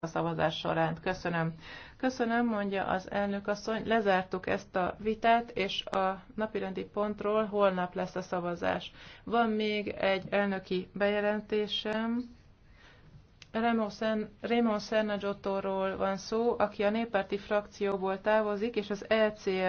a szavazás során. Köszönöm. Köszönöm, mondja az elnök asszony. Lezártuk ezt a vitát, és a napirendi pontról holnap lesz a szavazás. Van még egy elnöki bejelentésem. Raymond Sernagyotóról van szó, aki a néppárti frakcióból távozik, és az ECR